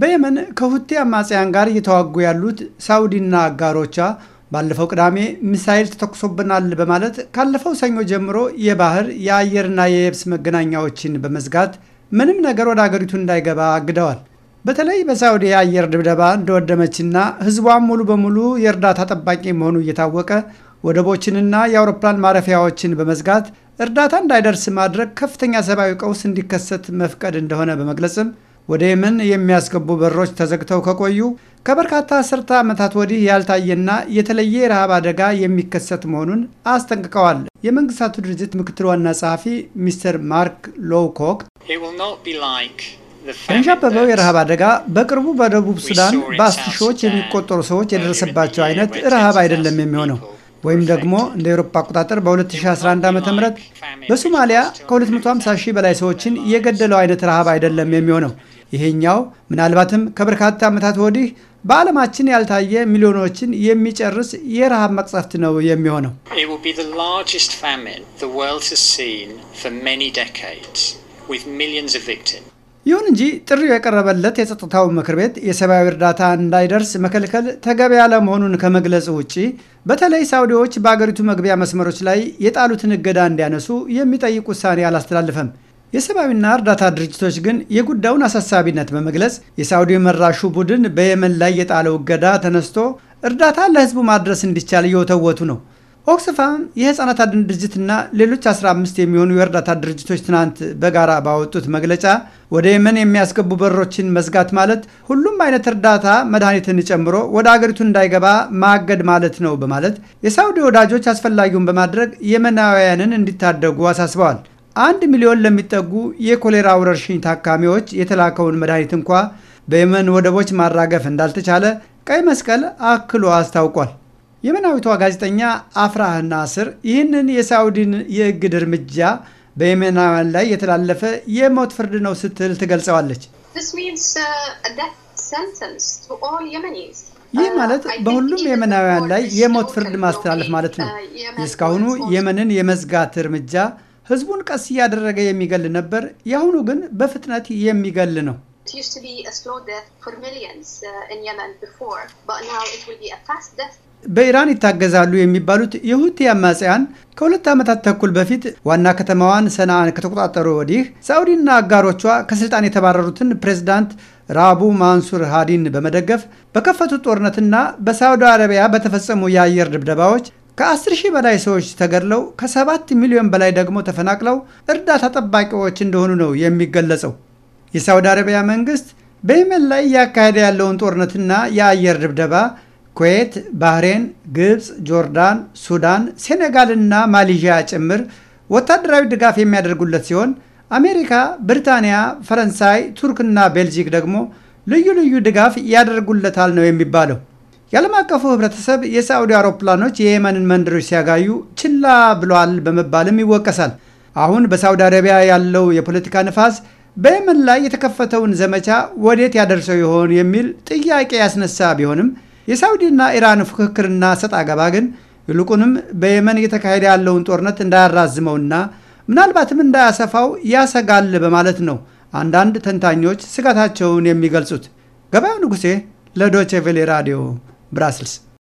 በየመን ከሁቲ አማጽያን ጋር እየተዋጉ ያሉት ሳውዲና አጋሮቿ ባለፈው ቅዳሜ ሚሳይል ተተኩሶብናል በማለት ካለፈው ሰኞ ጀምሮ የባህር የአየርና የየብስ መገናኛዎችን በመዝጋት ምንም ነገር ወደ አገሪቱ እንዳይገባ አግደዋል። በተለይ በሳውዲ የአየር ድብደባ እንደወደመችና ሕዝቧን ሙሉ በሙሉ የእርዳታ ጠባቂ መሆኑ እየታወቀ ወደቦችንና የአውሮፕላን ማረፊያዎችን በመዝጋት እርዳታ እንዳይደርስ ማድረግ ከፍተኛ ሰብአዊ ቀውስ እንዲከሰት መፍቀድ እንደሆነ በመግለጽም ወደ የመን የሚያስገቡ በሮች ተዘግተው ከቆዩ ከበርካታ አስርተ ዓመታት ወዲህ ያልታየና የተለየ የረሃብ አደጋ የሚከሰት መሆኑን አስጠንቅቀዋል። የመንግስታቱ ድርጅት ምክትል ዋና ጸሐፊ ሚስተር ማርክ ሎውኮክ ያንዣበበው የረሃብ አደጋ በቅርቡ በደቡብ ሱዳን በአስር ሺዎች የሚቆጠሩ ሰዎች የደረሰባቸው አይነት ረሃብ አይደለም የሚሆነው ወይም ደግሞ እንደ ኤሮፓ አቆጣጠር በ2011 ዓ ም በሶማሊያ ከ250 ሺህ በላይ ሰዎችን የገደለው አይነት ረሃብ አይደለም የሚሆነው ይሄኛው ምናልባትም ከበርካታ ዓመታት ወዲህ በዓለማችን ያልታየ ሚሊዮኖችን የሚጨርስ የረሃብ መቅሰፍት ነው የሚሆነው። ይሁን እንጂ ጥሪው የቀረበለት የጸጥታው ምክር ቤት የሰብአዊ እርዳታ እንዳይደርስ መከልከል ተገቢ ያለመሆኑን ከመግለጽ ውጪ በተለይ ሳውዲዎች በአገሪቱ መግቢያ መስመሮች ላይ የጣሉትን እገዳ እንዲያነሱ የሚጠይቅ ውሳኔ አላስተላልፈም። የሰብአዊና እርዳታ ድርጅቶች ግን የጉዳዩን አሳሳቢነት በመግለጽ የሳውዲ መራሹ ቡድን በየመን ላይ የጣለው እገዳ ተነስቶ እርዳታ ለህዝቡ ማድረስ እንዲቻል እየወተወቱ ነው። ኦክስፋም የህፃናት አድን ድርጅትና ሌሎች 15 የሚሆኑ የእርዳታ ድርጅቶች ትናንት በጋራ ባወጡት መግለጫ ወደ የመን የሚያስገቡ በሮችን መዝጋት ማለት ሁሉም አይነት እርዳታ መድኃኒትን ጨምሮ ወደ አገሪቱ እንዳይገባ ማገድ ማለት ነው በማለት የሳውዲ ወዳጆች አስፈላጊውን በማድረግ የመናውያንን እንዲታደጉ አሳስበዋል። አንድ ሚሊዮን ለሚጠጉ የኮሌራ ወረርሽኝ ታካሚዎች የተላከውን መድኃኒት እንኳ በየመን ወደቦች ማራገፍ እንዳልተቻለ ቀይ መስቀል አክሎ አስታውቋል። የመናዊቷ ጋዜጠኛ አፍራህ ናስር ይህንን የሳውዲን የእግድ እርምጃ በየመናውያን ላይ የተላለፈ የሞት ፍርድ ነው ስትል ትገልጸዋለች። uh, ይህ ማለት uh, በሁሉም የመናውያን ላይ የሞት ፍርድ ማስተላለፍ ማለት ነው። uh, እስካሁኑ የመንን የመዝጋት እርምጃ ህዝቡን ቀስ እያደረገ የሚገል ነበር። የአሁኑ ግን በፍጥነት የሚገል ነው። uh, በኢራን ይታገዛሉ የሚባሉት የሁቲ አማጽያን ከሁለት ዓመታት ተኩል በፊት ዋና ከተማዋን ሰንዓን ከተቆጣጠሩ ወዲህ ሳዑዲና አጋሮቿ ከስልጣን የተባረሩትን ፕሬዝዳንት ራቡ ማንሱር ሃዲን በመደገፍ በከፈቱት ጦርነትና በሳዑዲ አረቢያ በተፈጸሙ የአየር ድብደባዎች ከአስር ሺህ በላይ ሰዎች ተገድለው ከሰባት ሚሊዮን በላይ ደግሞ ተፈናቅለው እርዳታ ጠባቂዎች እንደሆኑ ነው የሚገለጸው። የሳውዲ አረቢያ መንግስት በየመን ላይ እያካሄደ ያለውን ጦርነትና የአየር ድብደባ ኩዌት፣ ባህሬን፣ ግብፅ፣ ጆርዳን፣ ሱዳን፣ ሴኔጋልና ማሌዥያ ጭምር ወታደራዊ ድጋፍ የሚያደርጉለት ሲሆን አሜሪካ፣ ብሪታንያ፣ ፈረንሳይ፣ ቱርክና ቤልጂክ ደግሞ ልዩ ልዩ ድጋፍ ያደርጉለታል ነው የሚባለው። የዓለም አቀፉ ህብረተሰብ የሳዑዲ አውሮፕላኖች የየመንን መንደሮች ሲያጋዩ ችላ ብሏል በመባልም ይወቀሳል። አሁን በሳዑዲ አረቢያ ያለው የፖለቲካ ንፋስ በየመን ላይ የተከፈተውን ዘመቻ ወዴት ያደርሰው ይሆን የሚል ጥያቄ ያስነሳ ቢሆንም የሳውዲና ኢራን ፉክክርና ሰጥ አገባ ግን ይልቁንም በየመን እየተካሄደ ያለውን ጦርነት እንዳያራዝመውና ምናልባትም እንዳያሰፋው ያሰጋል በማለት ነው አንዳንድ ተንታኞች ስጋታቸውን የሚገልጹት። ገበያው ንጉሴ ለዶቼ ቬሌ ራዲዮ Brasil.